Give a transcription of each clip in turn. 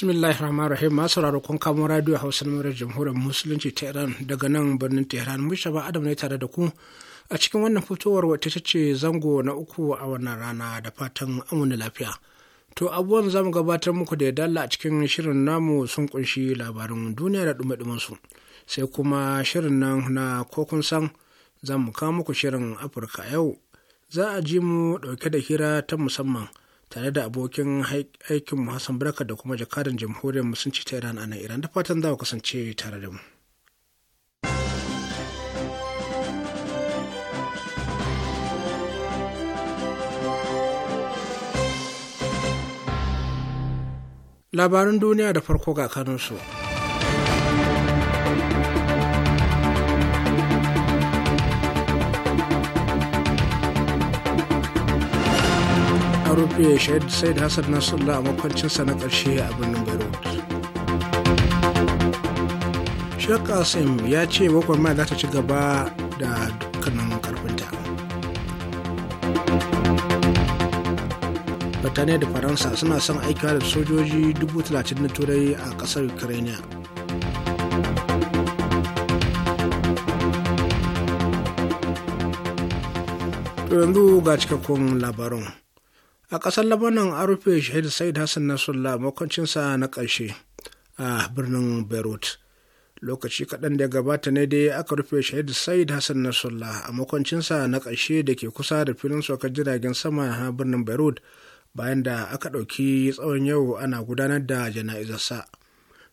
bismillahir rahmanir rahim masu kun kamo radio hausa na murar jamhuriyar musulunci ta iran daga nan birnin tehran ba adam ne tare da ku a cikin wannan fitowar wata ta zango na uku a wannan rana da fatan amuna lafiya to abubuwan za mu gabatar muku da ya dala a cikin shirin namu sun kunshi labarin duniya da ɗume su sai kuma shirin nan na kokun san za mu kawo muku shirin afirka yau za a ji mu dauke da hira ta musamman tare da abokin aikinmu Hassan Barka da kuma jakadan jamhuriyar musulunci ta Iran a nan Iran da fatan za ku kasance tare da mu. Labarin duniya da farko ga kanunsu. rufe shahid said hassan nasrallah a makwancinsa na ƙarshe a birnin beirut shek qasim ya ce gwagwarmaya za ta ci gaba da dukkanin karfinta birtaniya da faransa suna son aikawa da sojoji 30,000 na turai a ƙasar ukraine yanzu ga cikakkun labarun a ƙasar labanan an rufe shahid said hassan nasrullah makwancinsa na ƙarshe a birnin beirut lokaci kaɗan da ya gabata ne dai aka rufe shahid said hassan nasrullah a makwancinsa na ƙarshe da ke kusa da filin sokar jiragen sama na birnin beirut bayan da aka ɗauki tsawon yau ana gudanar da jana'izarsa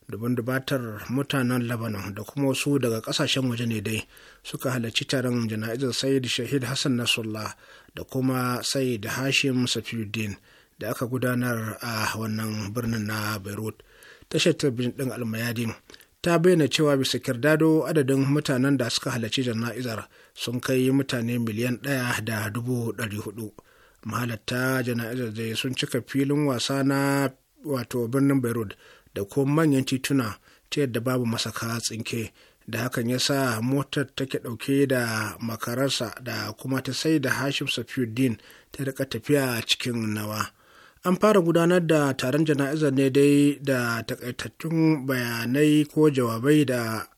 duban dubatar mutanen labanon da kuma wasu daga kasashen waje ne dai suka halarci taron jana'izar sayid shahid hassan nasrullah da kuma sayid hashim safiuddin da aka gudanar a wannan birnin na beirut tashar talabijin din almayadin ta bayyana cewa bisa kirdado adadin mutanen da suka halarci jana'izar sun kai mutane miliyan ɗaya da dubu ɗari hudu mahalarta jana'izar dai sun cika filin wasa na wato birnin beirut da kuma manyan tituna ta yadda babu masaka tsinke da hakan ya sa motar take ɗauke da makararsa da kuma ta sai da hashim safiuddin ta rika tafiya cikin nawa an fara gudanar da taron jana'izar ne dai da takaitattun bayanai ko jawabai da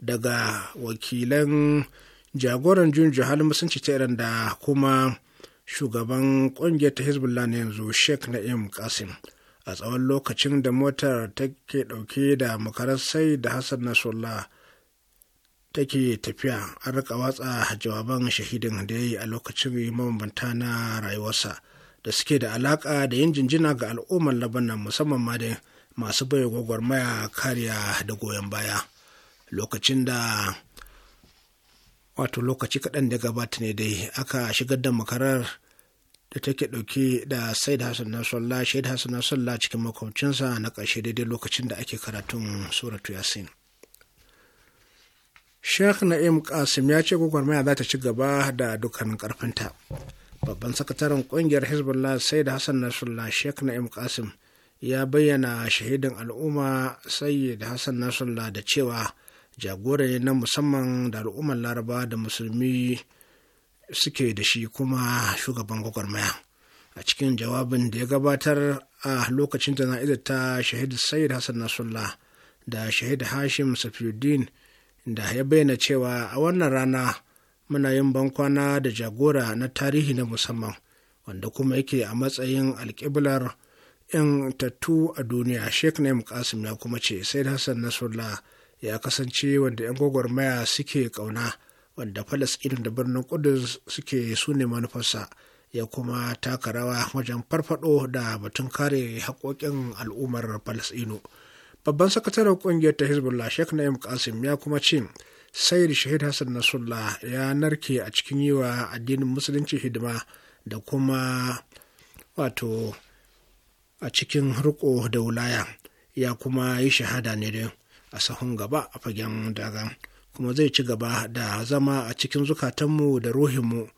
daga wakilan jagoran jun jihar ta irin da kuma shugaban kungiyar ta hezbollah na yanzu sheikh na'im kasim a tsawon lokacin da motar take ɗauke da sai da hassan nasrallah take tafiya an rika watsa jawaban shahidin da ya yi a lokacin mabambanta na rayuwarsa da suke da alaka da yin jinjina ga al'ummar labanan musamman ma da masu bai gwagwarmaya kariya da goyon baya lokacin da wato lokaci kaɗan da gabata ne dai aka shigar da makarar da take dauke da Said Hassan Nasrallah Shaid Hassan Nasrallah cikin makwabcinsa na karshe daidai lokacin da ake karatun suratu Yasin. Sheikh Na'im Qasim ya ce gwagwarmaya za ta ci gaba da dukkanin ƙarfinta. Babban sakataren ƙungiyar Hezbollah Said Hassan Nasrallah Sheikh Na'im Qasim ya bayyana shahidin al'umma Sayyid Hassan Nasrallah da cewa jagora ne na musamman da al'ummar Laraba da musulmi suke da shi kuma shugaban gwagwarmaya a cikin jawabin da ya gabatar a lokacin da jana'izar ta shahid sayyid hassan nasrullah da shahid hashim safiuddin da ya bayyana cewa a wannan rana muna yin bankwana da jagora na tarihi na musamman wanda kuma yake a matsayin alƙiblar in tattu a duniya sheikh naim kasim ya kuma ce sayyid hassan nasrullah ya kasance wanda 'yan gwagwarmaya suke ƙauna wanda falasɗin da birnin kudus suke sune ne manufarsa ya kuma taka rawa wajen farfado da batun kare haƙoƙin al'ummar falasɗinu babban sakataren ƙungiyar ta hezbollah sheikh na'im kasim ya kuma ce sayyid shahid hassan nasrullah ya narke a cikin yi wa addinin musulunci hidima da kuma wato a cikin riko da wulaya ya kuma yi shahada ne a sahun gaba a fagen daga. kuma zai ci gaba da zama a cikin zukatanmu da ruhinmu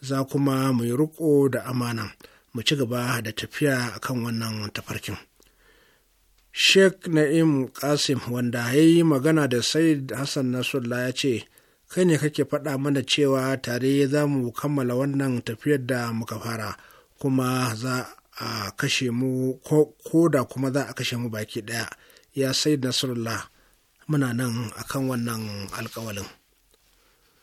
za kuma mu yi riko da amana mu ci gaba da tafiya akan wannan tafarkin sheikh na'im kasim wanda ya yi magana da said hassan nasrullah ya ce kai ne kake faɗa mana cewa tare za mu kammala wannan tafiyar da muka fara kuma za a kashe mu ko da kuma za a kashe mu baki ɗaya ya said nasrullah muna nan akan wannan alkawalin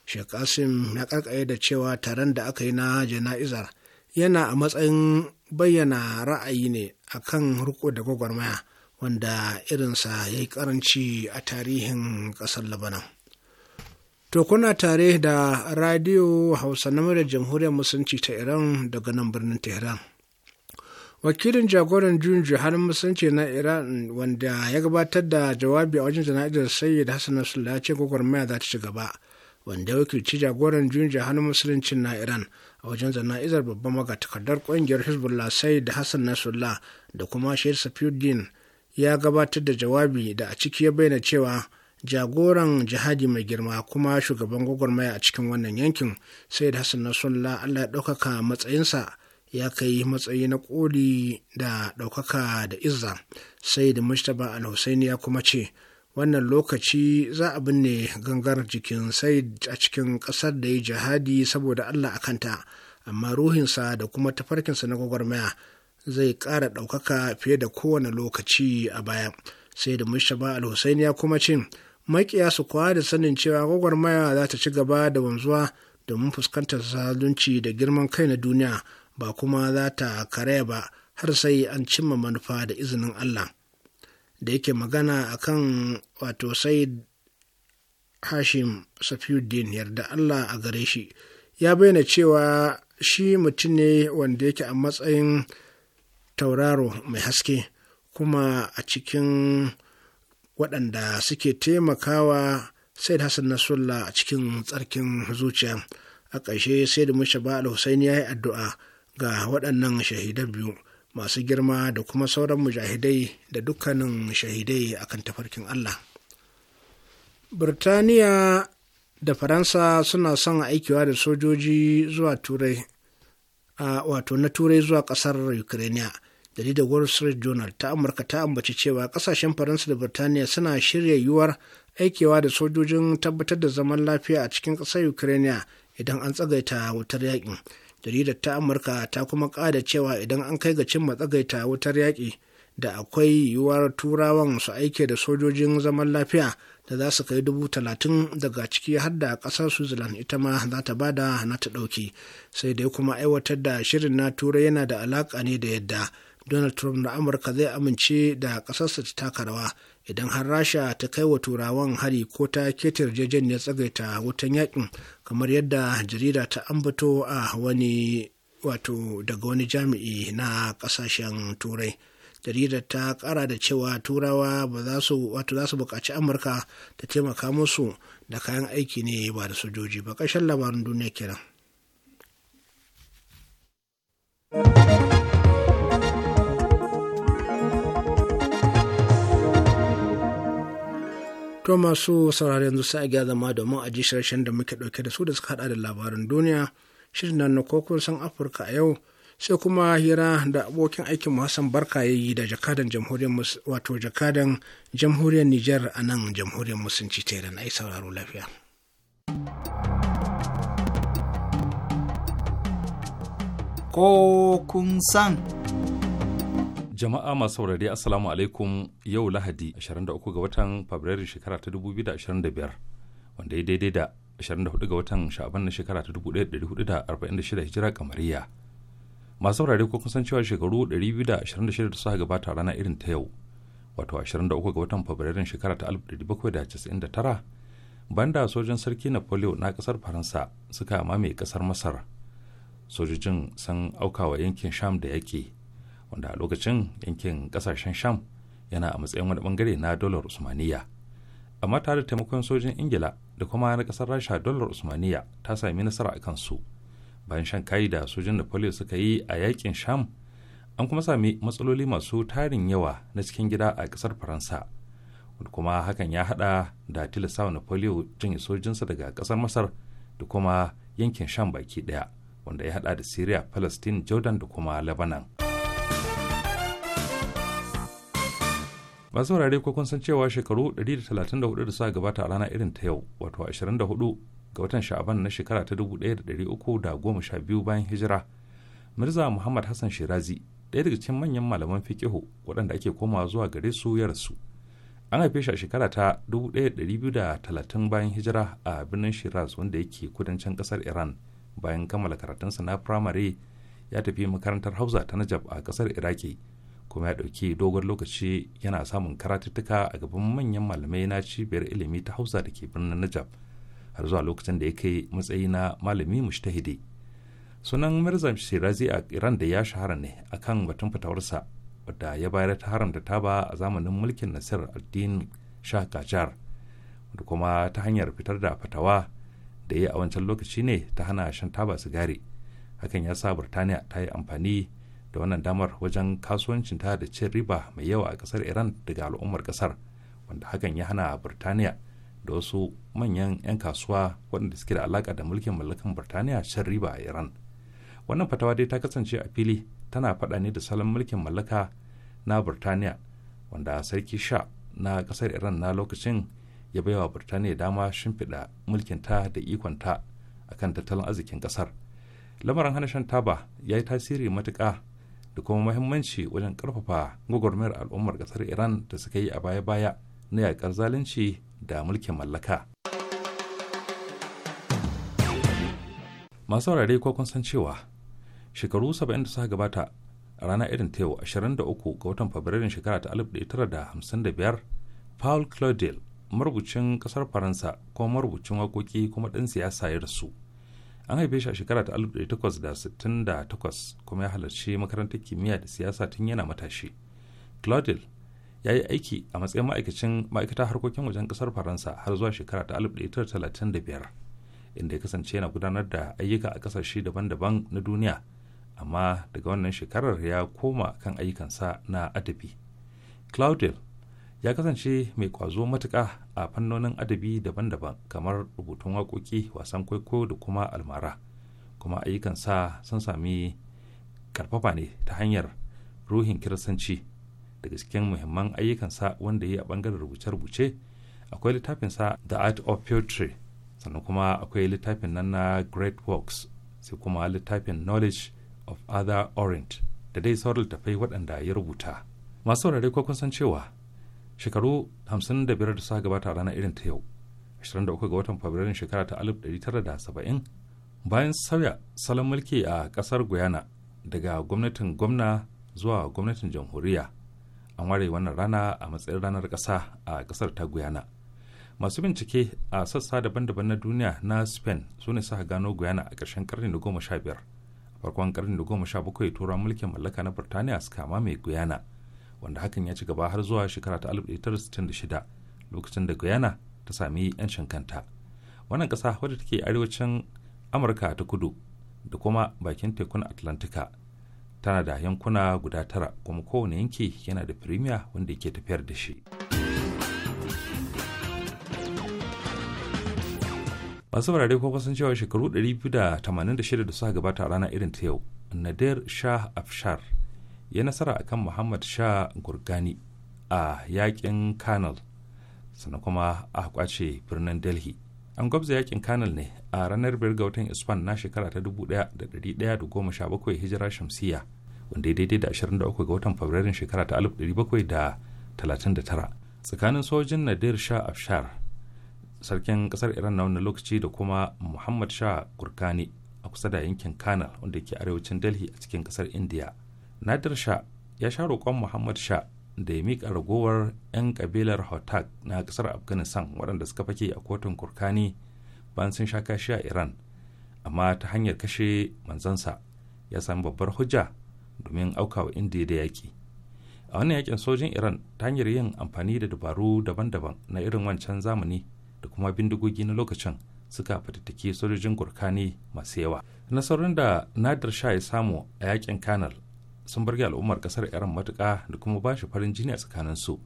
Sheikh Qasim ya ƙarƙaye da cewa taron da aka yi na jana'izar yana a matsayin bayyana ra'ayi ne akan riko da gwagwarmaya wanda irinsa ya yi karanci a tarihin ƙasar Labanan. To kuna tare da Radio Hausa na Jamhuriyar Musulunci ta Iran daga nan birnin Tehran. wakilin jagoran juyin har musulunci na iran wanda ya gabatar da jawabi a wajen jana'izar sayyid hassan ya ce gwagwarmaya za ta ci gaba wanda ya wakilci jagoran juyin har musulunci na iran a wajen jana'izar babban takardar kungiyar hezbollah sayyid hassan nasrullah da kuma shehir safiuddin ya gabatar da jawabi da a ciki ya bayyana cewa jagoran jihadi mai girma kuma shugaban gwagwarmaya a cikin wannan yankin sayyid hassan nasrullah allah ya ɗaukaka matsayinsa ya kai matsayi na koli da ɗaukaka da izza sai da mustapha al husaini ya kuma ce wannan lokaci za a binne gangar jikin sai a cikin ƙasar da ya jihadi saboda allah a kanta amma ruhinsa da kuma tafarkinsa na gwagwarmaya zai ƙara ɗaukaka fiye da kowane lokaci a baya sai da mustapha al ya kuma ce makiya su kuwa da sanin cewa gwagwarmaya za ta ci gaba da wanzuwa domin fuskantar zalunci da girman kai na duniya ba kuma za ta karaya ba har sai an cimma manufa da izinin Allah da yake magana a kan wato sai Hashim Safiuddin yarda Allah a gare shi ya bayyana cewa shi mutum ne wanda yake a matsayin tauraro mai haske kuma a cikin waɗanda suke taimakawa sai da Hassan Nasrullah a cikin tsarkin zuciya a ƙarshe sai da Mushaba Al-Husaini ya yi addu'a ga waɗannan shahidan biyu masu girma da kuma sauran mujahidai da dukkanin shahidai akan tafarkin Allah. Birtaniya da Faransa suna son aikiwa da sojoji zuwa Turai, wato na Turai zuwa ƙasar Ukraine. jaridar wall street journal ta amurka ta ambaci cewa ƙasashen faransa da birtaniya suna shirya yiwuwar aikewa da sojojin tabbatar da zaman lafiya a cikin ƙasar ukraine idan an tsagaita wutar yakin jaridar ta amurka ta kuma ƙada cewa idan an kai ga cin matsagaita wutar yaƙi da akwai yiwuwar turawan su aike da sojojin zaman lafiya da za su kai dubu talatin daga ciki har da ƙasar switzerland ita ma za ta ba da na ta ɗauki sai dai kuma aiwatar da shirin na turai yana da alaƙa ne da yadda donald trump na amurka zai amince da ƙasarsa ta taka rawa idan har rasha ta kai wa turawan hari ko ta ketar jejen ya tsagaita wutan yakin kamar yadda jarida ta ambato a wani wato daga wani jami'i na kasashen turai jarida ta kara da cewa turawa ba za su wato za su buƙaci amurka ta taimaka musu da kayan aiki ne ba da sojoji ba ƙarshen labarin duniya kenan. To masu sauraren yanzu sai a zama domin a ji shirshen da muke ɗauke da su da suka hada da labarin duniya, shirin nan na kokon san Afirka a yau, sai kuma hira da abokin aikin Hassan Barka ya yi da jakadan jamhuriyar wato jakadan jamhuriyar Nijar a nan jamhuriyar Musulunci ta yi ai sauraro lafiya. Ko kun san. Jama'a masu saurari Assalamu alaikum yau Lahadi 23 ga watan Fabrairu shekara ta 2025 wanda ya daidai da 24 ga watan Sha'aban na shekara ta 1446 Hijira kamariya. Masu saurari ko kusan cewa shekaru 226 da suka gabata rana irin ta yau wato 23 ga watan Fabrairu shekara ta 1799 banda sojan sarki Napoleon na kasar Faransa suka mamaye kasar Masar. Sojojin sun aukawa yankin Sham da yake wanda a lokacin yankin kasashen sham yana a matsayin wani bangare na dolar usmaniya amma tare da taimakon sojin ingila da kuma na kasar rasha dolar usmaniya ta sami nasara a kansu bayan shan kayi da sojin napoleon suka yi a yakin sham an kuma sami matsaloli masu tarin yawa na cikin gida a kasar faransa kuma hakan ya hada da tilasawa napoleon jin sojinsa daga kasar masar da kuma yankin sham baki daya wanda ya hada da syria palestine jordan da kuma lebanon masu wurare ko kun san cewa shekaru 134 da suka gabata a rana irin ta yau wato 24 ga watan sha'aban na shekara ta 1312 bayan hijira mirza muhammad hassan shirazi ɗaya daga cikin manyan malaman fiqihu waɗanda ake komawa zuwa gare su ya rasu an haife shi a shekara ta 1230 bayan hijira a birnin shiraz wanda yake kudancin ƙasar iran bayan kammala karatunsa na firamare ya tafi makarantar hausa ta najab a ƙasar iraki kuma ya ɗauki dogon lokaci yana samun karatuttuka a gaban manyan malamai na cibiyar ilimi ta hausa da ke birnin najab har zuwa lokacin da ya kai matsayi na malami mushtahidi sunan mirza shirazi a iran da ya shahara ne a kan batun fitawarsa wadda ya bayar ta haramta taba a zamanin mulkin nasir addin shah kajar da kuma ta hanyar fitar da fatawa da ya a wancan lokaci ne ta hana shan taba sigari hakan ya sa burtaniya ta yi amfani da wannan damar wajen kasuwancin ta da cin riba mai yawa a kasar iran daga al'ummar kasar wanda hakan ya hana birtaniya da wasu manyan 'yan kasuwa waɗanda suke da alaƙa da mulkin mallakan birtaniya cin riba a iran wannan fatawa dai ta kasance a fili tana faɗa ne da salon mulkin mallaka na birtaniya wanda sarki sha na kasar iran na lokacin ya baiwa birtaniya dama shimfiɗa ta da ikon ikonta akan tattalin arzikin kasar lamarin hana shan taba ya yi tasiri matuƙa da kuma muhimmanci wajen karfafa gwagwarmayar al'ummar kasar iran da suka yi a baya-baya na yakar zalunci da mulkin mallaka masu saurare ko kun san cewa shekaru 70 da suka gabata a rana irin ta yau 23 ga watan fabrairun shekara ta 1955 paul claudel marubucin kasar faransa kuma marubucin waƙoƙi kuma ɗan siyasa ya rasu an haife shi a shekara ta 1868 kuma ya halarci makarantar kimiyya da siyasa tun yana matashi claudel ya yi aiki a matsayin ma'aikacin ma'aikata harkokin wajen kasar faransa har zuwa shekara ta 1935 inda ya kasance yana gudanar da ayyuka a kasashe daban-daban na duniya amma daga wannan shekarar ya koma kan ayyukansa na adabi claudel ya kasance mai kwazo matuka a fannonin adabi daban-daban kamar rubutun waƙoƙi wasan kwaikwayo da kuma almara kuma ayyukansa sun sami karfafa ne ta hanyar ruhin kiristanci daga cikin muhimman ayyukansa wanda ya yi a bangaren rubuce-rubuce akwai littafinsa the art of poetry sannan kuma akwai littafin nan na great works sai kuma littafin knowledge of other orient da dai sauran littafai waɗanda ya rubuta masu wurare kun san cewa shekaru 55 da suka gabata a ranar irin ta yau 23 ga watan fabrairun shekara ta 1970 bayan sauya salon mulki a kasar guyana daga gwamnatin gwamna zuwa gwamnatin jamhuriya an ware wannan rana a matsayin ranar kasa a kasar ta guyana masu bincike a sassa daban-daban na duniya na spain su ne suka gano guyana a ƙarshen ƙarni na goma sha biyar farkon ƙarni na goma sha bakwai turan mulkin mallaka na birtaniya suka mamaye guyana wanda hakan ya ci gaba har zuwa shekara ta 1966 lokacin da guyana ta sami 'yancin kanta wannan ƙasa wadda take arewacin amurka ta kudu da kuma bakin tekun atlantika tana da yankuna guda tara kuma kowane yanki yana da firimiya wanda yake tafiyar da shi masu farare ko sun cewa shekaru 286 da suka gabata a ranar irin ta yau nadir shah afshar ya nasara akan muhammad sha gurgani a yakin kanal sannan kuma a kwace birnin delhi an gwabza yakin kanal ne a ranar biyar ga watan isfan na shekara ta 1117 hijira shamsiya wanda ya daidai da 23 ga watan fabrairun shekara ta 1739 tsakanin sojin nadir sha afshar sarkin kasar iran na wannan lokaci da kuma muhammad sha gurkani a kusa da yankin kanal wanda ke arewacin delhi a cikin kasar india nadir sha ya sha roƙon muhammad sha da ya miƙa ragowar 'yan ƙabilar hotak na ƙasar afghanistan waɗanda suka fake a kotun kurkani bayan sun sha kashi a iran amma ta hanyar kashe manzansa ya sami babbar hujja domin auka aukawa indiya da yaƙi a wannan yakin sojin iran ta hanyar yin amfani da dabaru daban-daban na irin wancan zamani da kuma bindigogi na lokacin suka fatattaki sojojin gurkani masu yawa nasarorin da nadir sha ya samu a yakin kanal sun barge al'ummar kasar iran matuka da kuma ba shi farin jini a tsakanin su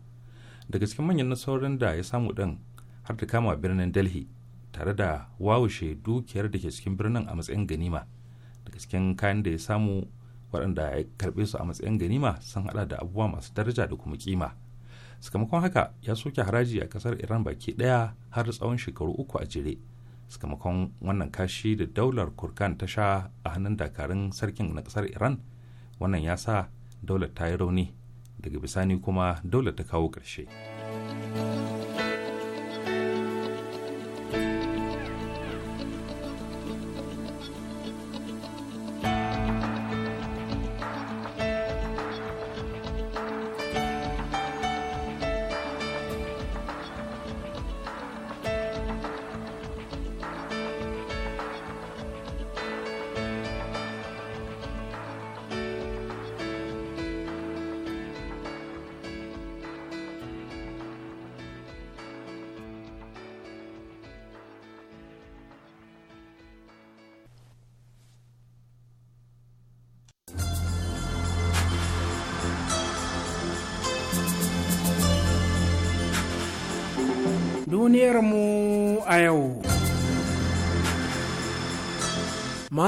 daga cikin manyan nasarorin da ya samu din har ta kama birnin delhi tare da wawushe dukiyar da ke cikin birnin a matsayin ganima daga cikin kayan da ya samu waɗanda ya karɓe su a matsayin ganima sun haɗa da abubuwa masu daraja da kuma kima sakamakon haka ya soke haraji a kasar iran baki ɗaya har tsawon shekaru uku a jere sakamakon wannan kashi da daular kurkan ta sha a hannun dakarun sarkin na kasar iran wannan ya sa daular ta yi rauni daga bisani kuma daular ta kawo ƙarshe.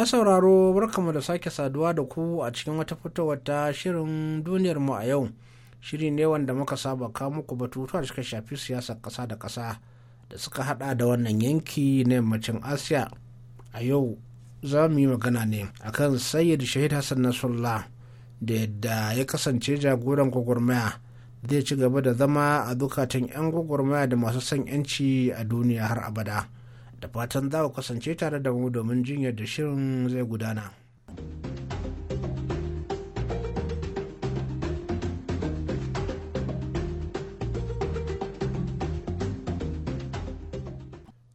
sauraro barkamu da sake saduwa da ku a cikin wata fitowar ta shirin duniyar mu a yau shiri ne wanda muka saba ka muku batutuwa suka shafi siyasar kasa da kasa da suka hada da wannan yanki na yammacin asiya a yau za mu yi magana ne a kan sayyid shahid hassan nasrullah da yadda ya kasance jagoran gwagwarmaya zai ci gaba da zama a zukatan 'yan gwagwarmaya da masu son 'yanci a duniya har abada. da fatan za ku kasance tare da mu domin jin yadda shirin zai gudana.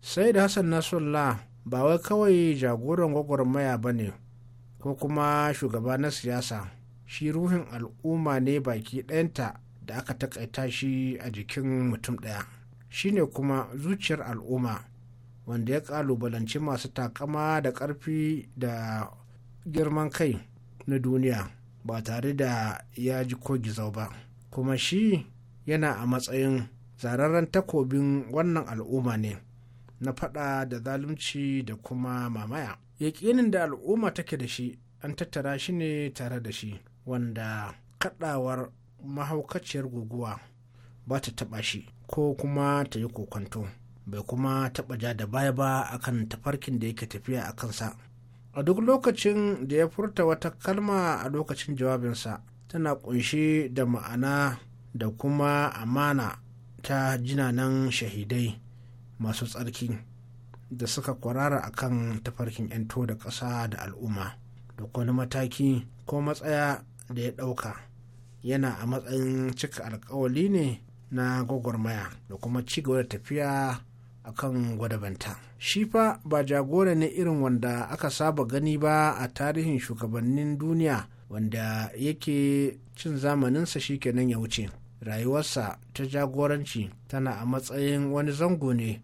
sai da hassan nasrullah ba wai kawai jagoran gwagwarmaya ba ne ko kuma shugaba na siyasa shi ruhin al'umma ne baki ɗayanta da aka takaita shi a jikin mutum ɗaya shine kuma zuciyar al'umma wanda ya kalubalanci masu takama da ƙarfi da girman kai na duniya ba tare da ya ji ko gizo ba kuma shi yana a matsayin zararren takobin wannan al'umma ne na fada da zalunci da kuma mamaya yaƙinin da al'umma take da shi an tattara shi ne tare da shi wanda kadawar mahaukaciyar guguwa ba ta taba shi ko kuma ta yi kokonto. bai kuma taɓa ja da baya ba akan tafarkin da yake tafiya a kansa a duk lokacin da ya furta wata kalma a lokacin jawabinsa tana kunshi da ma'ana da kuma amana ta jinanan shahidai masu tsarki da suka kwarara akan tafarkin 'yanto da ƙasa da al'umma da wani mataki ko matsaya da ya ɗauka yana a matsayin cika alkawali ne na gwagwarmaya da kuma ci gaba da tafiya a kan gwadabanta shi fa ba jagora ne irin wanda aka saba gani ba a tarihin shugabannin duniya wanda yake cin zamaninsa shi kenan ya wuce rayuwarsa ta jagoranci tana a matsayin wani zango ne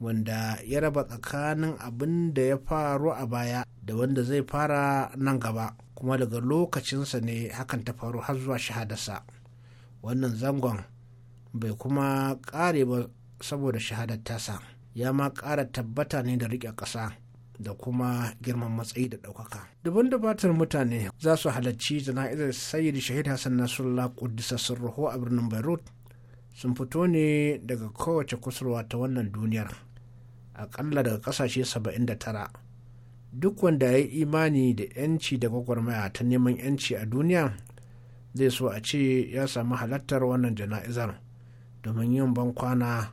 wanda ya raba tsakanin abin da ya faru a baya da wanda zai fara nan gaba kuma daga lokacinsa ne hakan ta faru har zuwa shahadarsa wannan zangon bai kuma ƙare ba saboda shahadar tasa ya ma ƙara tabbata ne da riƙe ƙasa da kuma girman matsayi da ɗaukaka. Daban batar mutane za su halarci jana'izar sayyid shahid Hassan Nasrullah sun Sirruho a birnin Beirut sun fito ne daga kowace kusurwa ta wannan duniyar aƙalla daga ƙasashe 79 duk wanda ya yi imani da 'yanci da gwagwarmaya ta neman 'yanci a duniya zai so a ce ya samu halartar wannan jana'izar domin yin bankwana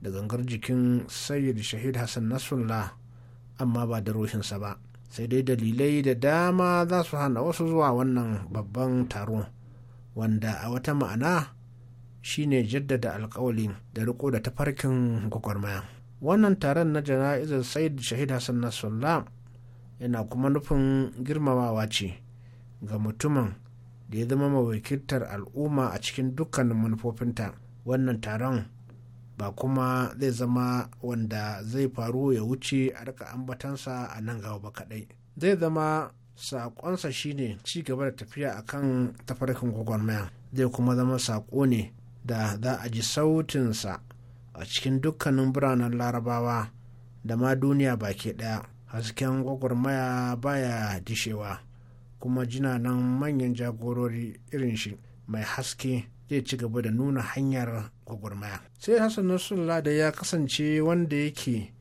da gangar jikin sayyid shahid hassan nasrullah amma ba da rushinsa ba sai dai dalilai da dama za su hana wasu zuwa wannan babban taro wanda a wata ma'ana shine jaddada alkawali da riko da tafarkin gwagwarmaya wannan taron na jana'izar sayyid shahid hassan nasrullah yana kuma nufin girmamawa ce ga mutumin da ya zama mawakiltar al'umma a cikin dukkanin manufofinta wannan taron ba kuma zai zama wanda zai faru ya wuce a rika ambatansa a nan gaba ba kaɗai zai zama saƙonsa shine ci gaba da tafiya a kan tafarkin gwagwarmaya zai kuma zama saƙo ne da za a ji sautinsa a cikin dukkanin biranen larabawa da ma duniya baki ɗaya hasken gwagwarmaya baya dishewa kuma jina nan manyan jagorori irin shi mai haske zai ci gaba da nuna hanyar gwagwarmaya sai hassan nasrullah da ya kasance wanda yake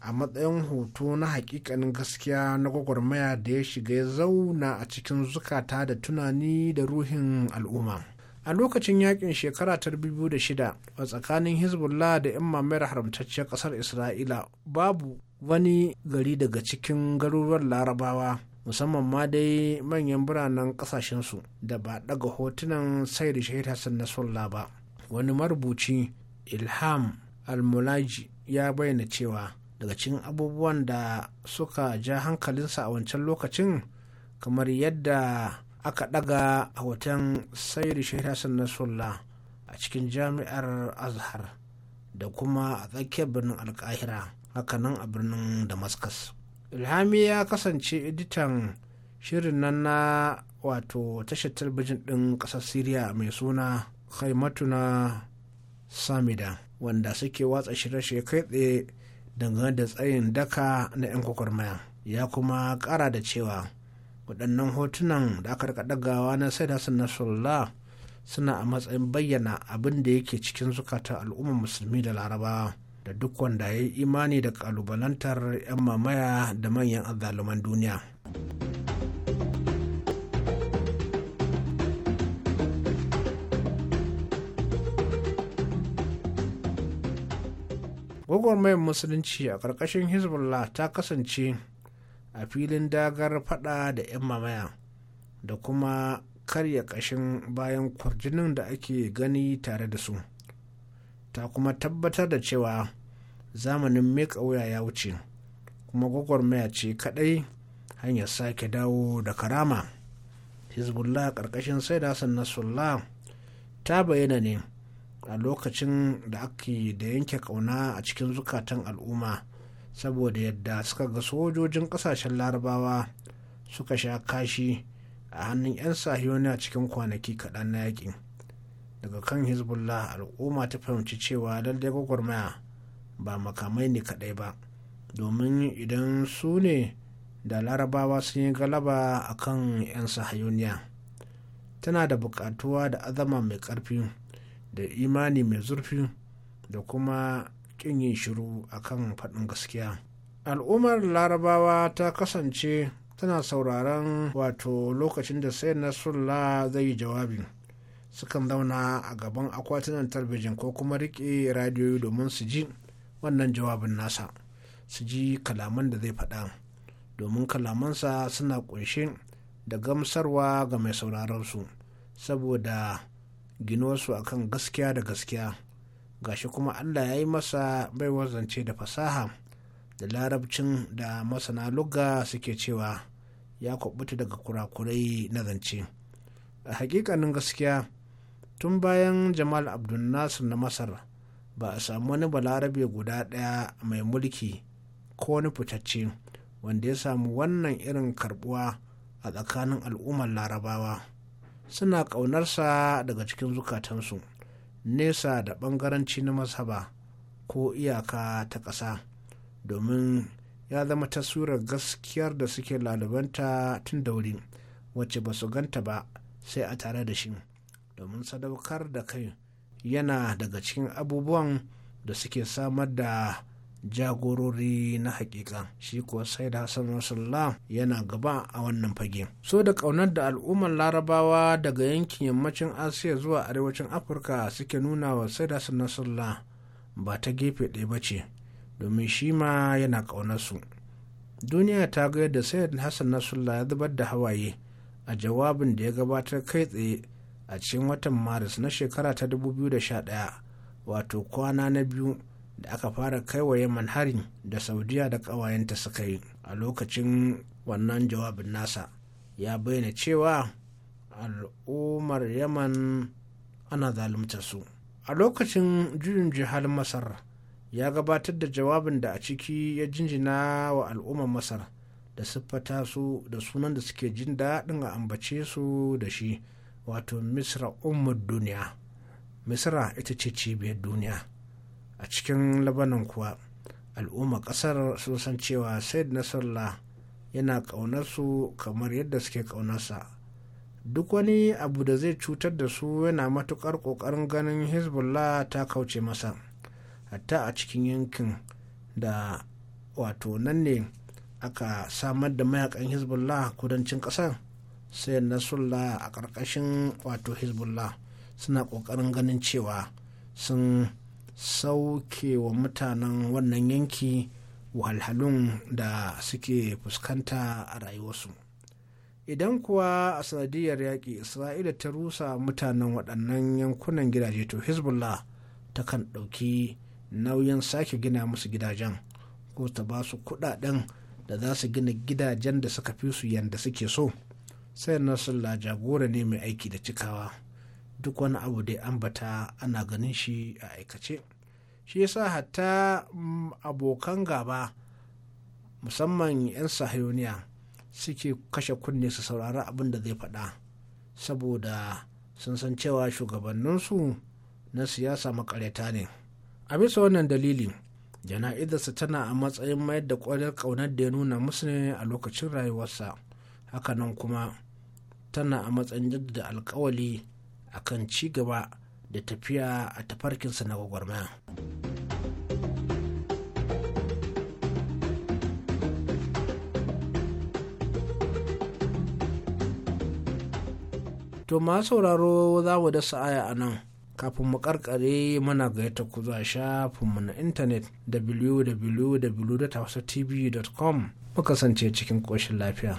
a matsayin hoto na hakikanin gaskiya na gwagwarmaya da ya shiga ya zauna a cikin zukata da tunani da ruhin al'umma a lokacin yakin shekara ta 2006 a tsakanin hezbollah da 'yan mamayar haramtacciyar kasar isra'ila babu wani gari daga cikin garuruwan larabawa musamman ma dai manyan biranen kasashensu da ba daga hotunan sayar shahid hassan nasrallah ba wani marubuci ilham almulaji ya bayyana cewa daga cikin abubuwan da suka ja hankalinsa a wancan lokacin kamar yadda aka daga a hoton sayar shahid hassan nasrallah a cikin jami'ar azhar da kuma a tsakiyar birnin alkahira hakanan a birnin damascus ilhami ya kasance editan shirin nan na wato tashar talabijin ɗin ƙasar siriya mai suna na samida wanda suke watsa shirye-shirye kai tsaye dangane da tsayin daka na 'yan kwakwarmaya ya kuma ƙara da cewa waɗannan hotunan da aka rika ɗagawa na sai da suna a matsayin bayyana abin da yake cikin zukatan al'ummar musulmi da larabawa da duk wanda ya yi imani da kalubalantar 'yan mamaya da manyan azzaluman duniya. gwagwarmayar musulunci a ƙarƙashin hezbollah ta kasance a filin dagar fada da 'yan mamaya da kuma karya ƙashin bayan kwarjinin da ake gani tare da su ta kuma tabbatar da cewa zamanin mai wuya ya wuce kuma gwagwarmaya ce kadai hanyar sake dawo da karama hezbollah ƙarƙashin sai da hassan nasrullah ta bayyana ne a lokacin da ake da yanke ƙauna a cikin zukatan al'umma saboda yadda suka ga sojojin ƙasashen larabawa suka sha kashi a hannun 'yan sahiyoni a cikin kwanaki kaɗan na yaƙin daga kan hezbollah al'umma ta fahimci cewa lallai gwagwarmaya ba makamai ne kadai ba domin idan su ne da larabawa sun yi galaba a kan 'yan sahayuniya tana da buƙatuwa da azama mai ƙarfi da imani mai zurfi da kuma ƙin yin shiru a kan faɗin gaskiya al'ummar larabawa ta kasance tana sauraron wato lokacin da sai nasrullah zai yi jawabin sukan zauna a gaban akwatunan talbijin ko kuma rike radiyoyi domin su ji wannan jawabin nasa su ji kalaman da zai faɗa domin kalamansa suna ƙunshe da gamsarwa ga mai sauraron su saboda ginuwarsu akan gaskiya da gaskiya gashi kuma allah ya yi masa bai zance da fasaha da larabcin da masana lugga suke cewa ya kwabuta daga kurakurai na zance a hakikanin gaskiya tun bayan jamal abdul nasir na masar ba a samu wani balarabe guda ɗaya mai mulki ko wani fitacce wanda ya samu wannan irin karbuwa a tsakanin al'ummar larabawa suna ƙaunarsa daga cikin zukatansu nesa da ɓangaranci na masaba ko iyaka ta ƙasa domin ya zama taswirar gaskiyar da suke lalubanta tun da wuri wacce ba su ganta ba sai a tare da shi domin sadaukar da kai yana daga cikin abubuwan da suke samar da jagorori na hakika shi kuwa sai da hassan rasulullah yana gaba a wannan fage so da kaunar da al'ummar larabawa daga yankin yammacin asiya zuwa arewacin afirka suke nuna wa sai da hassan rasulullah ba ta gefe ɗaya ba ce domin shi ma yana su. duniya ta ga yadda da hassan nasrullah ya zubar da hawaye a jawabin da ya gabatar kai tsaye a cikin watan maris na shekara ta 2011 wato kwana na biyu da aka fara kaiwa yaman harin da saudiya da ƙawayenta suka yi a lokacin wannan jawabin nasa ya bayyana cewa al'ummar yaman ana zalunta su a lokacin juyin jihar masar ya gabatar da jawabin da a ciki ya jinjina wa al'ummar masar da siffata su da sunan da suke jin daɗin a ambace su da shi wato misra ummud duniya misra ita ce cibiyar duniya a cikin labanan kuwa al'umma kasar sun san cewa said nasarla yana ƙaunarsu kamar yadda suke ƙaunarsa duk wani abu da zai cutar da su yana matuƙar ƙoƙarin ganin hezbollah ta kauce masa hatta a cikin yankin da wato nan ne aka samar da mayakan hezbollah kudancin ƙasar sai nasrullah a ƙarƙashin wato hezbollah suna ƙoƙarin ganin cewa sun sauke wa mutanen wannan yanki wahalhalun da suke fuskanta a rayuwarsu idan kuwa a sanadiyar yaƙi isra'ila ta rusa mutanen waɗannan yankunan gidaje to hezbollah ta kan ɗauki nauyin sake gina musu gidajen ko ta ba su kuɗaɗen da za su gina gidajen da suka fi su yadda suke so sai nasrallah jagora ne mai aiki da cikawa duk wani abu da ambata ana ganin shi a aikace shi yasa hatta mm, abokan gaba musamman 'yan sahayoniya suke kashe kunne su saurari abin da zai faɗa saboda sun san cewa shugabanninsu na siyasa makareta ne a bisa wannan dalili jana'izarsa tana a matsayin mayar da ƙwarar ƙaunar da ya nuna musu a lokacin rayuwarsa Haka nan kuma tana a matsayin jaddada alkawali akan ci gaba da tafiya a tafarkinsa na gwagwarmaya. To ma sauraro za mu da sa'aya a nan kafin mu karkare mana gayyata ku zuwa shafinmu na intanet www.tv.com mu kasance cikin ƙoshin lafiya.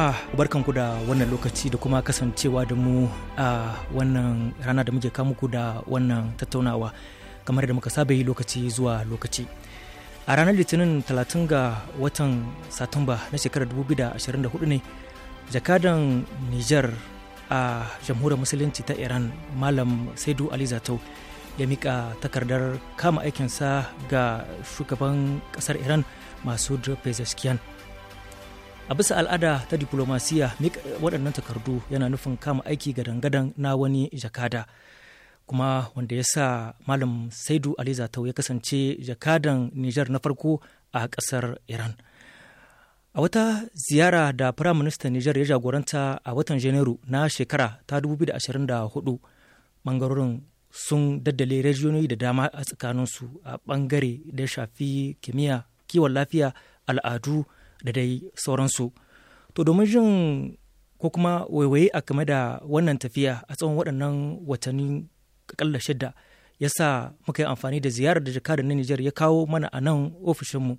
Jama'a ku da wannan lokaci da kuma kasancewa da mu a wannan rana da muke muku da wannan tattaunawa kamar da muka saba yi lokaci zuwa lokaci. A ranar Litinin 30 ga watan Satumba na shekarar 2024 ne jakadan niger a jamhuriyar musulunci ta Iran Malam Saidu Ali Zatau ya mika takardar kama aikinsa ga shugaban kasar Iran Masud Pezeshkian. a bisa al'ada ta diplomasiya waɗannan takardu yana nufin kama aiki ga dangadan na wani jakada kuma wanda ya sa malam saidu alizatau ya kasance jakadan nijar na farko a ƙasar iran a wata ziyara da firaministan nijar ya jagoranta a watan janairu na shekara ta 2024 ɓangarorin sun daddale rijiyoyi da dama a tsakaninsu a ɓangare da shafi kimiyya kiwon lafiya al'adu da dai sauransu to domin jin ko kuma waiwaye a game da wannan tafiya a tsawon waɗannan watanni akalla shida ya sa muka yi amfani da ziyarar da jakadar na Nijar ya kawo mana a nan ofishinmu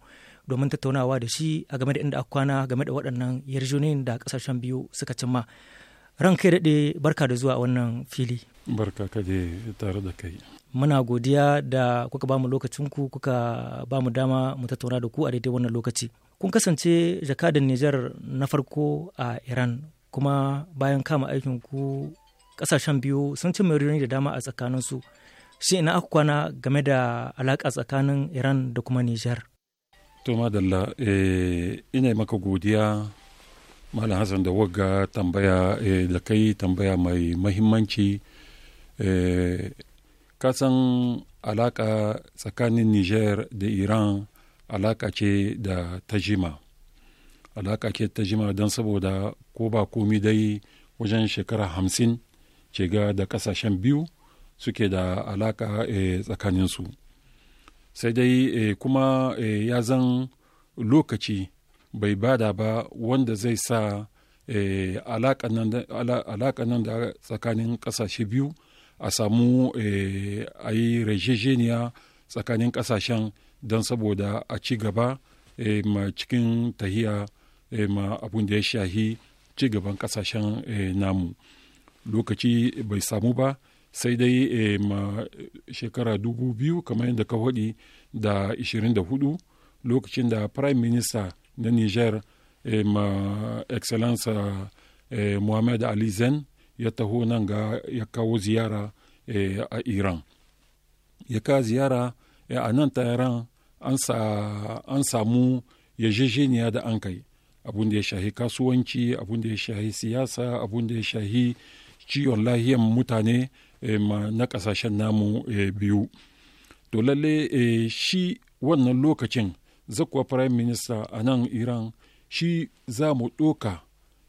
domin tattaunawa da shi a game da inda aka kwana game da waɗannan yarjunin da ƙasashen biyu suka cimma. Ran kai daɗe barka da zuwa wannan fili. Barka ka je tare da kai. Muna godiya da kuka ba mu lokacinku kuka ba mu dama mu tattauna da ku a daidai wannan lokaci. kun kasance jakadin Nijar na farko a Iran kuma bayan kama aikin ku kasashen biyu sun ci mai da dama a tsakaninsu shi ina aka kwana game da alaƙa tsakanin Iran da kuma Nijar. To madalla eh, ina maka godiya Malam Hassan da wagga tambaya eh, da kai tambaya mai mahimmanci eh, kasan alaƙa tsakanin nijar da Iran alaƙa ce da ta jima alaƙa ce ta jima don saboda ko ba komi dai wajen shekara hamsin ce ga da ƙasashen biyu suke da alaƙa eh, tsakaninsu sai dai eh, kuma eh, ya zan lokaci bai bada ba wanda zai sa alaƙa nan da tsakanin ƙasashe biyu a samu a yi rejejeniya tsakanin ƙasashen don saboda a ci gaba eh, ma cikin tahiya eh, ma abun da ya shahi ci gaban kasashen eh, namu lokaci bai samu ba sai dai ma shekara dubu biyu kamar yadda ka faɗi da 24 lokacin da prime minister na niger ma excellence muhammad ali zen ya taho nan ga ya kawo ziyara a iran ya ka ziyara a nan ta iran an samu yarjejeniya da an kai abun da ya shahi kasuwanci abun da ya shahi siyasa abun da ya shahi ciwon lahiyan mutane eh, na kasashen namu eh, biyu to lalle eh, shi wannan lokacin zakuwa prime minister a nan iran shi za mu ɗoka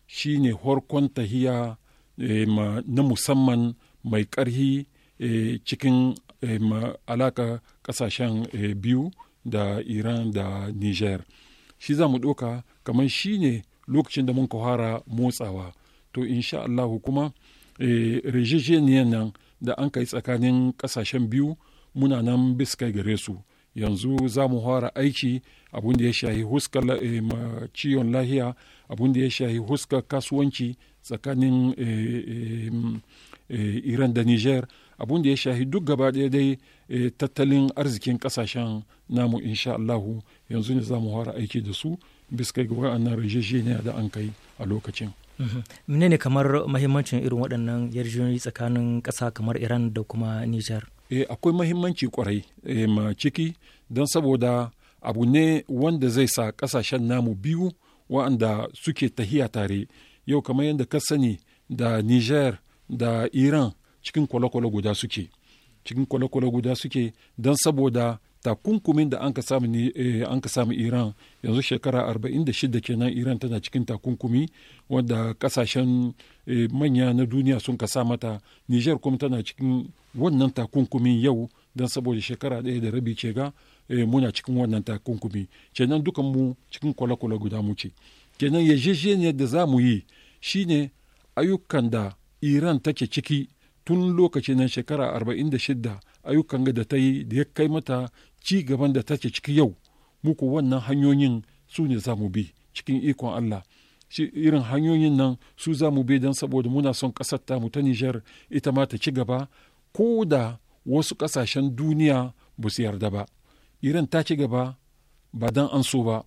shi ne horkon tahiya na musamman mai ƙarhi cikin alaka kasashen biyu da iran da niger shi za mu ɗauka kamar shi ne lokacin da mun fara motsawa to insha allahu kuma e, rejejeniyan nan da an kai tsakanin ƙasashen biyu muna nan biskai gare su yanzu za mu fara aiki abin da ya shahi huskar eh, ciwon lahiya abin da ya shahi huskar kasuwanci tsakanin e, iran da niger abun da ya shahi duk gaba ɗaya dai e, tattalin arzikin ƙasashen namu insha Allahu yanzu ne za mu fara aiki da su biskai ga wa'annan rajejeniya da an kai a lokacin. Mhm. Mene ne kamar mahimmancin irin waɗannan yarjejeniyoyi tsakanin ƙasa kamar Iran da kuma Nijar? E, akwai mahimmanci kwarai e, ma ciki don saboda abu ne wanda zai sa ƙasashen namu biyu wa'anda suke tahiya tare yau kamar yadda ka sani da Nijar da Iran cikin kwale-kwale guda suke cikin kwale-kwale guda suke don saboda takunkumin da an ka samu eh, iran yanzu shekara 46 kenan iran tana cikin takunkumi wanda kasashen eh, manya na duniya sun ka sa mata niger kuma tana cikin wannan takunkumin yau don saboda shekara ɗaya da rabi ce ga eh, muna cikin wannan takunkumi kenan dukan mu cikin kwale guda mu ce kenan yajejeniyar da za mu yi shine ayyukan da iran take ciki tun lokacin nan shekara arba'in da 46 ayyukan da ta yi da ya kai mata ci gaban da ta ce ciki yau muku wannan hanyoyin su ne za mu bi cikin ikon Allah shi irin hanyoyin nan su za mu bi don saboda muna son ƙasar tamu ta Nijar ita ma ta ci gaba ko da wasu ƙasashen duniya ba su yarda ba Iran ta ci gaba ba don an so ba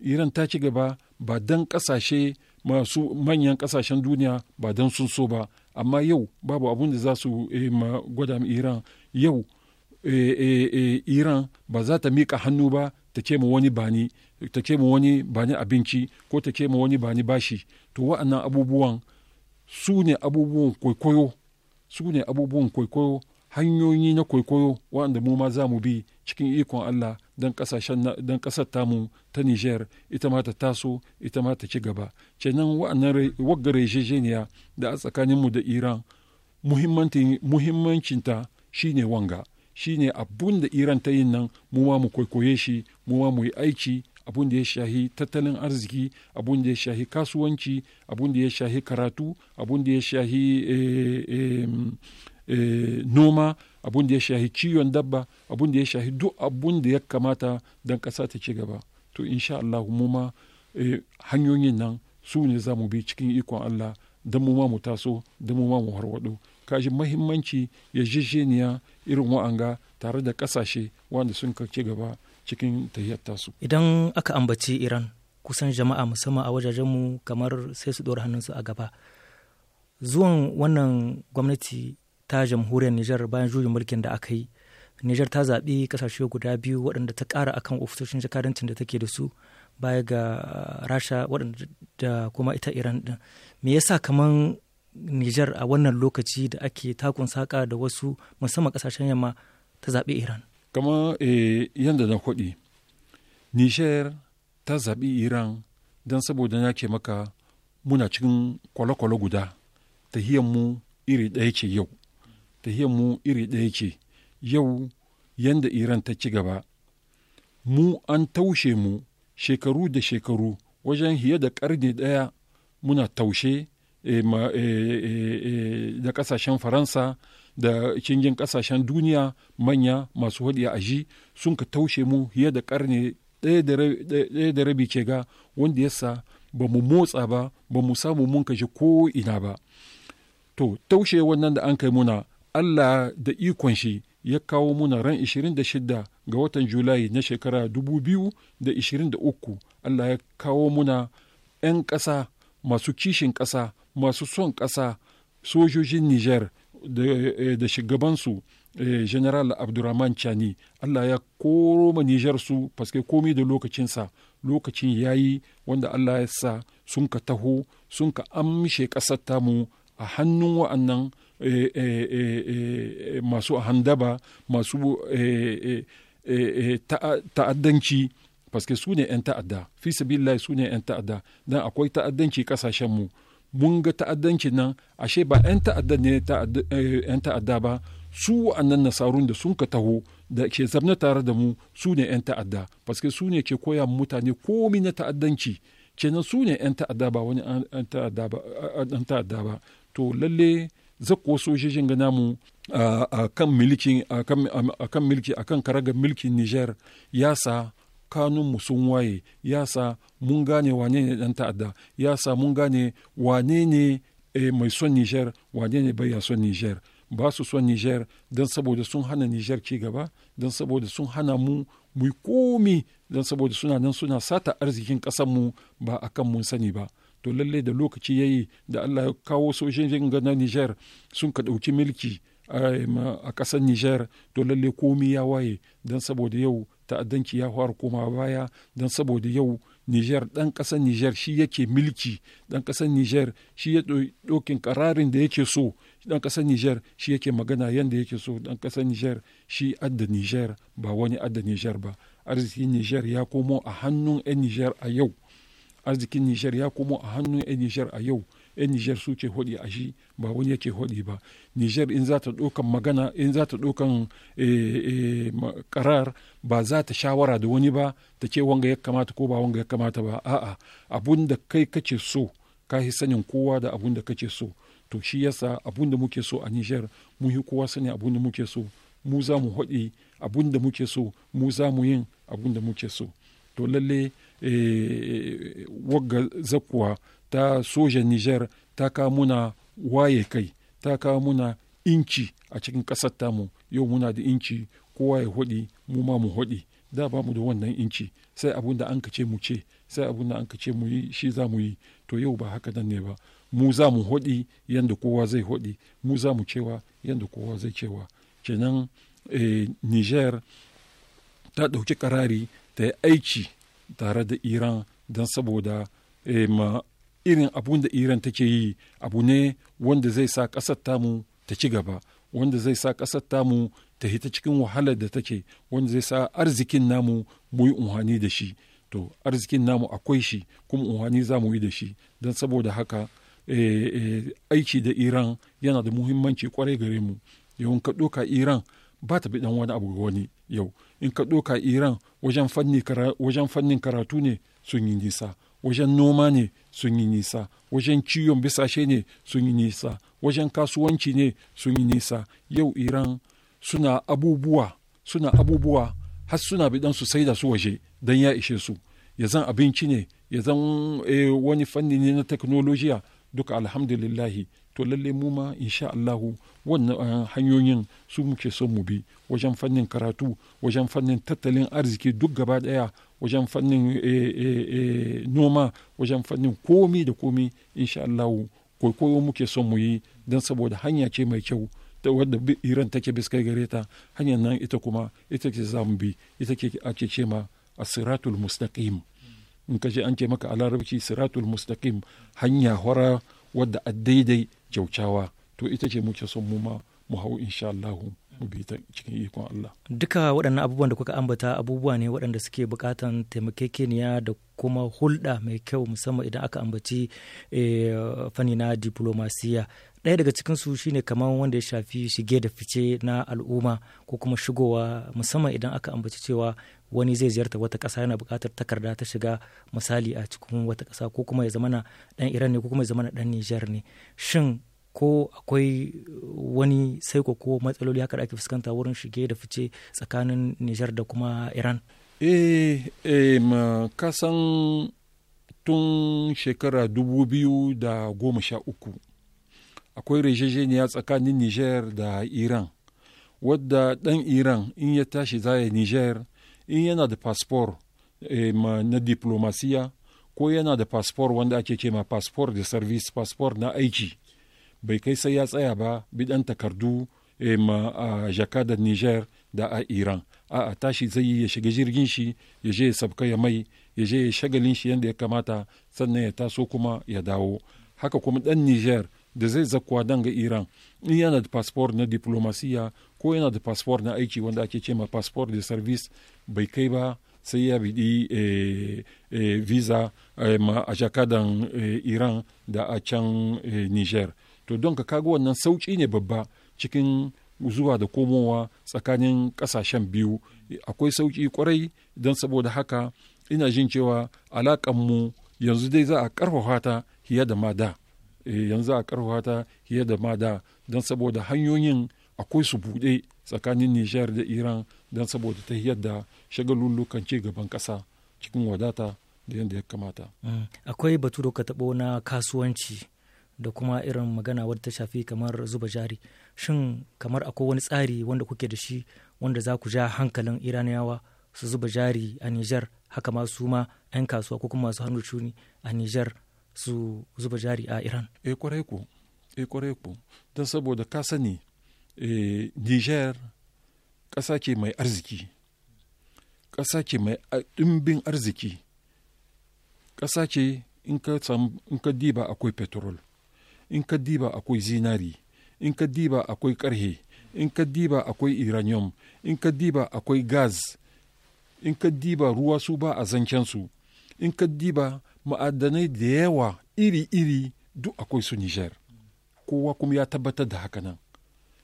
Iran ta ci gaba ba don ƙasashe masu manyan ƙasashen duniya ba don sun so ba amma yau babu abun da za su eh, ma gwada iran yau eh, eh, iran ba za ta miƙa hannu ba ta ce ma wani bani ta ce wani bani abinci ko ta ce ma wani bani bashi to wa'annan abubuwan su ne abubuwan kwaikwayo su ne abubuwan kwaikwayo hanyoyi na kwaikwayo wa'anda mu ma za mu bi cikin ikon allah don kasar tamu ta niger ita ma ta taso ita ma ta ci gaba kenan wa'annan wagga rejejeniya da a tsakaninmu da iran muhimmancinta shine wanga shine abun da iran ta yin nan mu ma mu kwaikwaye shi mu ma mu yi aiki abun da ya shahi tattalin arziki abun da ya shahi kasuwanci abun da ya shahi karatu abun da ya shahi eh, eh, eh, noma abun da ya shahi ciwon dabba abun da ya shahi duk abun da ya kamata don ƙasa ta ci gaba to insha Allah mu ma eh, hanyoyin nan su ne za mu bi cikin ikon Allah don mu ma mu taso don mu ma mu harwaɗo kashi mahimmanci ya jejeniya irin wa'anga tare da kasashe wanda sun ci gaba cikin tahiyyar idan aka ambaci iran kusan jama'a musamman a wajajenmu kamar sai su ɗora hannunsu a gaba zuwan wannan gwamnati ta jamhuriyar Nijar bayan juyin mulkin da aka yi. Nijar ta zaɓi ƙasashe guda biyu waɗanda ta ƙara akan ofisoshin jakadancin da take da su baya ga Rasha waɗanda da kuma ita Iran ɗin. Me yasa kamar Nijar a wannan lokaci da ake takun saƙa da wasu musamman ƙasashen yamma ta zaɓi Iran? Kama eh, yadda na kwaɗi, Nijar ta zaɓi Iran don saboda ya ke maka muna cikin kwale-kwale guda, mu iri ɗaya ce yau. tahiyar mu iri ɗaya ce yau yanda iran ta ci gaba mu an taushe mu shekaru da shekaru wajen hiye da ƙarni ɗaya muna taushe eh, eh, eh, da ƙasashen faransa da cingin ƙasashen duniya manya masu a aji sun ka taushe mu hiye da ƙarni ɗaya da rabi ke ga wanda yasa ba mu motsa ba ba mu samu mun kashe ko ina ba to taushe wannan da an kai muna Allah da ikon shi ya kawo muna ran 26 ga watan Julai na shekara 2023 Allah ya kawo muna 'yan ƙasa masu kishin ƙasa masu son ƙasa sojojin Nijar eh, da shugabansu eh, General Abdurrahman Chani Allah ya koro ma Nijar su faske komi da lokacinsa lokacin ya yi wanda Allah ya sa sun ka taho sun ka amshe ƙasar tamu a hannun wa'annan Eh, eh, eh, masu handaba masu ta'addanci paske su ne 'yan ta'adda fi su ne 'yan ta'adda dan akwai ta'addanci kasashen mu mun ga ta'addanci nan ashe ba 'yan ta'adda ne 'yan ta'adda ba su wa'annan nasarun da sun ka taho da ke zamna tare da mu su ne 'yan ta'adda paske su ne ke koya mutane komi na ta'addanci kenan su ne 'yan ta'adda ba wani 'yan ta'adda ba to lalle zakko sojojin ga namu a kan milki a kan milki a karagar milkin Niger ya sa mu sun waye ya sa mun gane wane ne dan ta'adda ya sa mun gane wane ne eh, mai son Niger wane ne bai son Niger ba su son Niger don saboda sun hana Niger ci gaba don saboda sun hana mu mu komi don saboda suna nan suna sata arzikin mu ba kan mun sani ba to lalle da lokaci yayi da Allah ya kawo sojojin ga na Niger sun ka ɗauki milki a ƙasar Niger to lalle komi ya waye don saboda yau ta'addanci ya fara koma baya don saboda yau Niger ɗan ƙasar Niger shi yake milki ɗan ƙasar Niger shi ya ɗokin ƙararin da yake so ɗan ƙasar Niger shi yake magana yadda yake so ɗan ƙasar Niger shi adda Niger ba wani adda Niger ba arzikin Niger ya komo a hannun 'yan Niger a yau arzikin Nijar ya komo a hannun 'yan Nijar a yau 'yan Nijar su ce hodi a shi ba wani yake hodi ba Nijar in za ta ɗaukan magana in za ta ɗaukan karar eh, eh, ba za ta shawara da wani ba ta ce wanga ya kamata ko ba wanga ya kamata ba a'a abun da kai kace so ka yi sanin kowa da abun da kace so to shi yasa abun da muke so a Nijar mu yi kowa sani abun da muke so mu za mu hodi abun da muke so mu za mu yin abun da muke so to lallai. E, wagga zakuwa ta sojan niger ta kawo muna waye kai ta kawo muna inci a cikin ƙasar tamu yau muna da inci kowa ya hudi mu ma mu hudi da ba mu da wannan inci sai abun da an ce mu ce sai abun da an ce mu yi shi za mu yi to yau ba haka nan ne ba mu za mu hudi yadda kowa zai hudi mu za mu cewa yadda kowa zai cewa kenan e, niger ta ɗauki karari ta yi aiki tare da iran don saboda irin abun da iran take yi abu ne wanda zai sa ƙasar tamu ta ci gaba wanda zai sa ƙasar tamu ta hita cikin wahalar da take wanda zai sa arzikin namu mu yi unhani da shi to arzikin namu akwai shi kuma unhani za mu yi da shi don saboda haka e, e, aiki da iran yana da muhimmanci kwarai gare mu yawan ka doka iran ba ta bi dan wani abu wani yau in ka ɗoka iran wajen fannin karatu ne sun yi nisa wajen noma ne sun yi nisa wajen ciwon bisashe ne sun yi nisa wajen kasuwanci ne sun yi nisa yau iran suna abubuwa suna abubuwa har suna bidan su sai da su waje don ya ishe su ya zan abinci ne ya zan eh, wani fanni ne na teknolojiya duka alhamdulillahi to lalle mu ma insha Allahu wannan eh, hanyoyin su muke son mu bi wajen fannin karatu wajen fannin tattalin arziki duk gaba daya wajen fannin eh, eh, noma wajen fannin komi da komi insha Allahu koyo muke son mu yi don saboda hanya ce mai kyau ta wadda iran take biskai gare ta hanyar nan ita kuma ita ce za bi ita ke ake ce ma asiratul mustaqim in ka an ce maka a larabci siratul mustaqim hanya hora wadda a daidai kyaukyawa to ita ce muke son mu ma mu hau insha Allahu mu bi ta cikin ikon Allah. Duka waɗannan abubuwan da kuka ambata abubuwa ne waɗanda suke buƙatan taimakekeniya da kuma hulɗa mai kyau musamman idan aka ambaci eh, fanni na diplomasiya. ɗaya daga cikinsu shine kamar wanda ya shafi shige da fice na al'umma ko kuma shigowa musamman idan aka ambaci cewa wani zai ziyarta wata ƙasa yana buƙatar takarda ta shiga misali a cikin wata ƙasa ko kuma ya zamana ɗan iran ne ko kuma ya zamana ɗan nijar ne shin ko akwai wani saiko ko matsaloli haka da ake fuskanta wurin shige da fice tsakanin nijar da kuma iran eh eh ma kasan tun shekara dubu biyu da goma sha uku akwai rejejeniya tsakanin niger da iran wadda dan iran in ya tashi zaya niger in yana da fasfor eh, na diplomasiya ko yana da fasfor wanda ake ce ma fasfor da service fasfor na aiki bai kai sai ya tsaya ba bidan takardu eh, ma a da niger da a iran a tashi zai yi ya shiga jirgin shi ya je sabka ya mai ya je ya shagalin shi yadda ya kamata sannan ya taso kuma ya dawo haka kuma dan niger da zai zakuwa dan ga iran in yana da fasfor na diplomasiya ko yana da fasfor na aiki wanda ake ce ma fasfor da service bai kai ba sai ya bidi eh, eh, visa eh, ma a jakadan eh, iran da a can niger to don ka kaga wannan sauci ne babba cikin zuwa da komowa tsakanin kasashen biyu akwai sauki kwarai don saboda haka ina jin cewa mu yanzu dai za a ƙarfafa ta fiye da ma da. Eh, yanzu a karfafa ta fiye da ma da don saboda hanyoyin akwai su buɗe tsakanin nijar da iran don saboda ta yadda shagalullukan ci gaban ƙasa cikin wadata da yadda ya kamata mm, akwai batu da ka taɓo na kasuwanci da kuma irin magana wadda ta shafi kamar zuba jari shin kamar akwai wani tsari wanda kuke da shi wanda za ku ja hankalin iraniyawa su zuba jari a nijar haka ma su ma 'yan kasuwa ko kuma masu hannu cuni a nijar su zuba jari a iran e kwarai ku e kwarai ku don saboda ka sani e, niger ƙasa ce mai arziki ƙasa ce mai ɗimbin arziki ƙasa ce in ka diba akwai petrol in ka diba akwai zinari in ka diba akwai ƙarhe in ka diba akwai uranium in ka diba akwai gas in ka diba ruwa su ba a zancensu in ka diba ma'adanai da yawa iri-iri duk akwai su Nijar. Kowa kuma ya tabbatar da haka nan.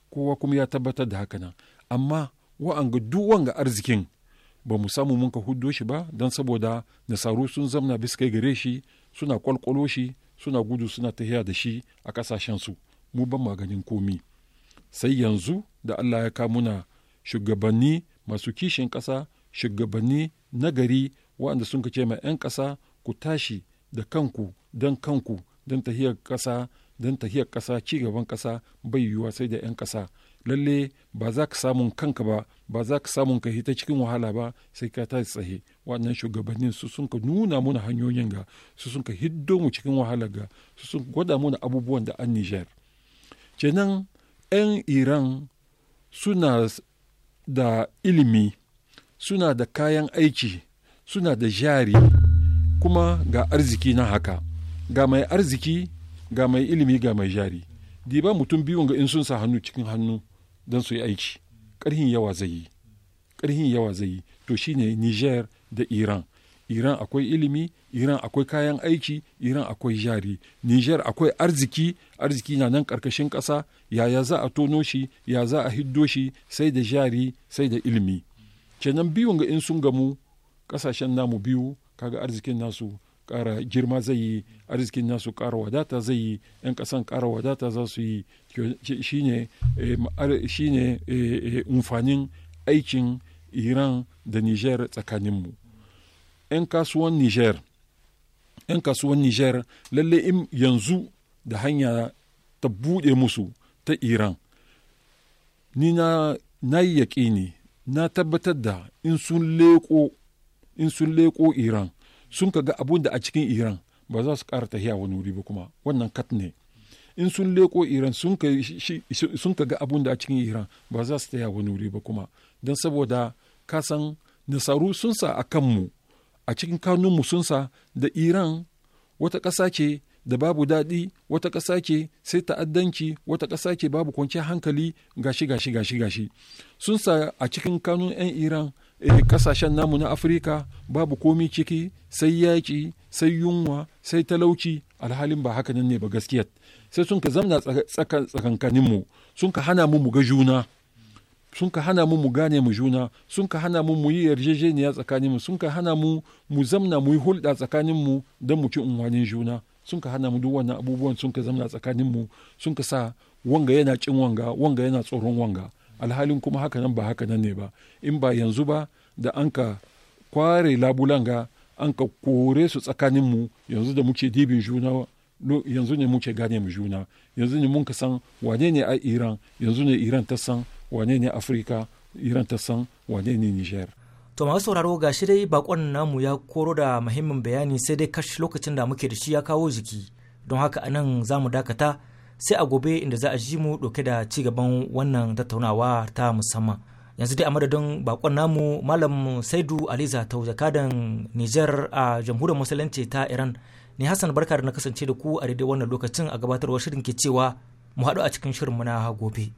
Kowa kuma ya tabbatar da haka nan. Amma wa'anga duk wanga arzikin ba mu samu mun ka huddo shi ba don saboda nasaru sun zamna biskai gare shi suna kwalkwalo shi suna gudu suna tahiya da shi a kasashensu mu ban maganin komi sai yanzu da allah ya na shugabanni masu kishin ƙasa shugabanni nagari waɗanda sun kace ma 'yan ƙasa ku tashi da kanku don kanku don tahiyar ƙasa don tahiyar ƙasa ci gaban ƙasa bai yiwuwa sai da 'yan ƙasa lalle ba za ka samun kanka ba ba za ka samun ka hita cikin wahala ba sai ka tashi tsaye wannan shugabannin su sun ka nuna muna hanyoyin ga su sun ka hiddo mu cikin wahala ga su sun gwada muna abubuwan da an Nijar kenan 'yan Iran suna da ilimi suna da kayan aiki suna da jari kuma ga arziki na haka ga mai arziki ga mai ilimi ga mai jari diba mutum biyun ga in sun sa hannu cikin hannu don su yi aiki ƙarhin yawa zai yi ƙarhin yawa zai yi to shine niger da iran iran akwai ilimi iran akwai kayan aiki iran akwai jari niger akwai arziki arziki na nan ƙarƙashin ƙasa yaya za a tono shi ya za a hiddo shi sai da jari sai da ilimi kenan biyun ga in sun gamu ƙasashen namu biyu kaga arzikin nasu ƙara girma zai yi arzikin nasu ƙara wadata zai yi 'yan ƙasan kara wadata za su yi shine eh, shine umfanin eh, eh, aikin iran da niger tsakaninmu 'yan kasuwan niger 'yan kasuwan niger lalle in yanzu da hanya ta bude musu ta iran ni na yi yaƙini na tabbatar da in sun leƙo in sun leko iran sun ka ga abun da a cikin iran ba za su ƙara tahiya wani wuri ba kuma wannan kat ne in sun leko iran sun ka ga abun da a cikin iran ba za su tahiya wani wuri ba kuma don saboda kasan nasaru sun sa a kanmu a cikin kanunmu sun sa da iran wata ƙasa ce da babu daɗi wata ƙasa ce sai ta'addanci wata ƙasa ce babu kwanciyar hankali gashi gashi gashi gashi sun sa a cikin kanun 'yan iran Eh, kasashen namu na afirka babu komi ciki sai yaƙi sai yunwa sai talauci alhalin ba haka nan ne ba gaskiya sai sun ka zamna tsakankanin mu sun ka hana mu mu ga juna sun ka hana mu mu gane mu juna sun ka hana mu mu yi yarjejeniya tsakanin mu sun ka hana mu mu zamna mu yi hulɗa tsakanin mu don mu ci unwanin juna sun ka hana mu duk wannan abubuwan sun ka zamna tsakanin mu sun ka sa wanga yana cin wanga wanga yana tsoron wanga alhalin kuma haka nan ba haka nan ne ba in ba yanzu ba da an ka kware labulanga an ka kore su tsakaninmu yanzu da muke dibin juna yanzu ne muke gane mu juna yanzu ne mun ka san wane ne a iran yanzu ne iran ta san wane ne afirka iran ta san wane ne niger to masu sauraro ga shi dai bakon namu ya koro da muhimmin bayani sai dai kashi lokacin da muke da shi ya kawo jiki don haka anan za mu dakata sai a gobe inda za a ji mu ɗauke da ci gaban wannan tattaunawa ta musamman yanzu dai a madadin bakon namu malam saidu aliza ta jakadan niger a jamhuriyar musulunci ta iran ne hassan barka da na kasance da ku a daidai wannan lokacin a gabatarwar shirin ke cewa mu haɗu a cikin shirin mu na gobe.